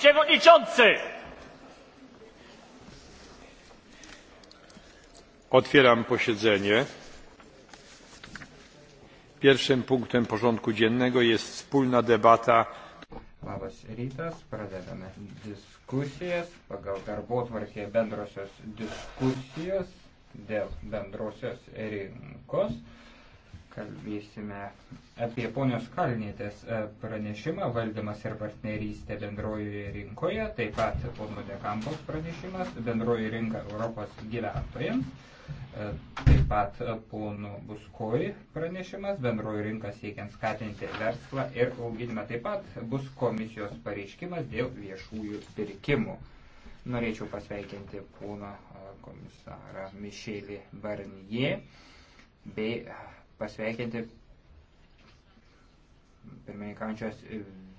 przewodniczący! Otwieram posiedzenie. Pierwszym punktem porządku dziennego jest wspólna debata. Labas rytas, pradedame diskusijas pagal darbotvarkė bendrosios diskusijos dėl bendrosios rinkos kalbėsime apie ponios Kalnėtės e, pranešimą valdymas ir partnerystė bendrojoje rinkoje, taip pat pono Dekampos pranešimas bendroji rinka Europos gyventojams, e, taip pat e, pono Buskoj pranešimas bendroji rinka siekiant skatinti verslą ir auginimą, taip pat bus komisijos pareiškimas dėl viešųjų pirkimų. Norėčiau pasveikinti poną komisarą Mišelį Barnie bei pasveikinti pirmininkančios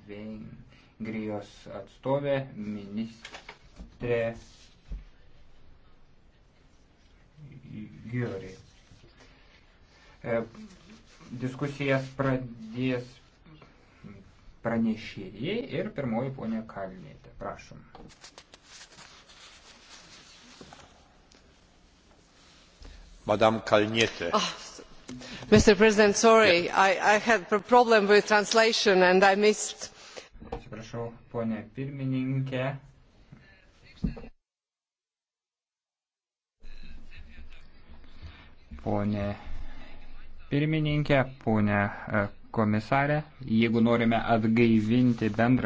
Vengrijos atstovė, ministrė Giori. E, diskusijas pradės pranešėjai ir pirmoji ponė Kalnėte. Prašom. Madame Kalnietė. Oh, Mr. President, sorry, I, I had a problem with translation and I missed. Atsiprašau, ponė pirmininkė. Pone pirmininkė, ponė e, komisarė, jeigu norime atgaivinti bendrą